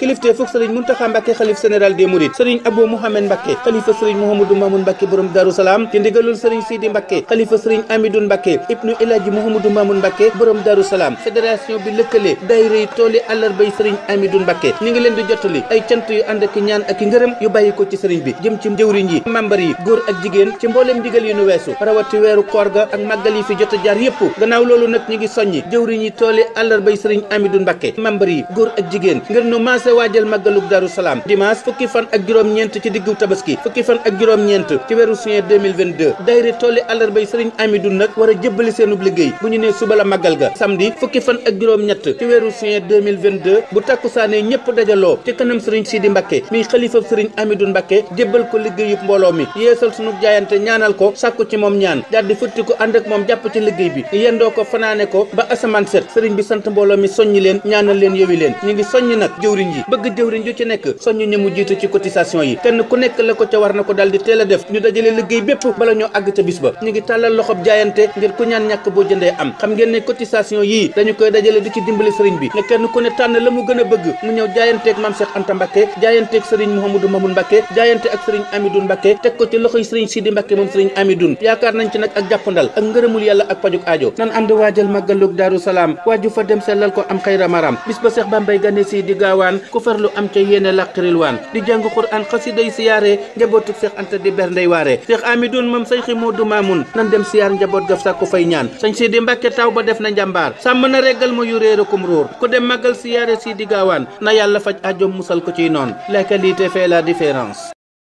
kilifte foog sëriñ Muntaxa Mbàkke xalif général des mourides sëriñ Abou Mouhamed Mbàkke xalifa sëriñ Mouhamadou Mamoun Mbàkke borom Daaru ci ndigalul sëriñ Sidi Mbàkke xalifa sëriñ Amidoun Mbàkke ibnu Elaaji Mouhamadou Mbàkke borom Daaru Salaam bi lëkkale daayira yi tooli àllarbay sëriñ Amidoun Mbàkke ñu ngi leen di jottali ay cant yu ànd ak ñaan ak ngërëm yu bàyyi ko ci sëriñ bi jëm ci njëwriñ yi membar yi góor ak jigéen ci mbooleem ndigal yu nu weesu rawati weeru koor ga ak màggal yi fi jot a jaar yépp gannaaw ngi soññi jëwriñ yi tooli àllarbay sëriñ Amidoun Mbàkke membar yi góor ak commencé waajal màggalug Daaru Salaam dimanche fukki fan ak juróom-ñeent ci diggu tabaski fukki fan ak juróom-ñeent ci weeru juin 2022 dayre tolli àllarbay sëriñ Amidou nag war a jëbbali seenub liggéey bu ñu nee suba la màggal ga samedi fukki fan ak juróom-ñett ci weeru juin 2022 bu takkusaanee ñëpp dajaloo ci kanam sëriñ Sidi Mbacke miy xalifab sëriñ Amidou Mbacke jébbal ko liggéeyub mbooloo mi yeesal sunu jaayante ñaanal ko sàkku ci moom ñaan daal di futti ko ànd ak moom jàpp ci liggéey bi yendoo ko fanaane ko ba asamaan set sëriñ bi sant mbooloo mi soññi leen ñaanal leen yowi leen ñu ngi soññ nag jëwriñ yi yi bëgg jëwriñ ju ci nekk soññu ña mu jiitu ci cotisation yi kenn ku nekk la ko ca war na ko daal di teel a def ñu dajale liggéey bépp bala ñoo àgg ca bis ba ñu ngi tàllal loxob jaayante ngir ku ñaan ñàkk boo jëndee am xam ngeen ne cotisation yii dañu koy dajale di ci dimbali sëriñ bi ne kenn ku ne tànn la mu gën a bëgg mu ñëw jaayanteeg maam Anta Mbacké jaayanteeg sëriñ Mouhamadou Mamoun Mbacké jaayante ak sëriñ Amidoun Mbacké teg ko ci loxoy sëriñ sëriñ Amidoun ku farlu am ca yéene làq waan di jàng xuraan xasiday siyaare njabootu Seex Anta di berndey waare Seex Amidoun moom sayxi Moodu Maamun nan dem siyaar njaboot gaf sàkku fay ñaan sañ si di Mbàkke taw ba def na njàmbaar sàmm na reggal ma yu réer akum ruur ku dem màggal siyaare si di gaawaan na yàlla faj ajom musal ko ciy noonu la qualité fait la différence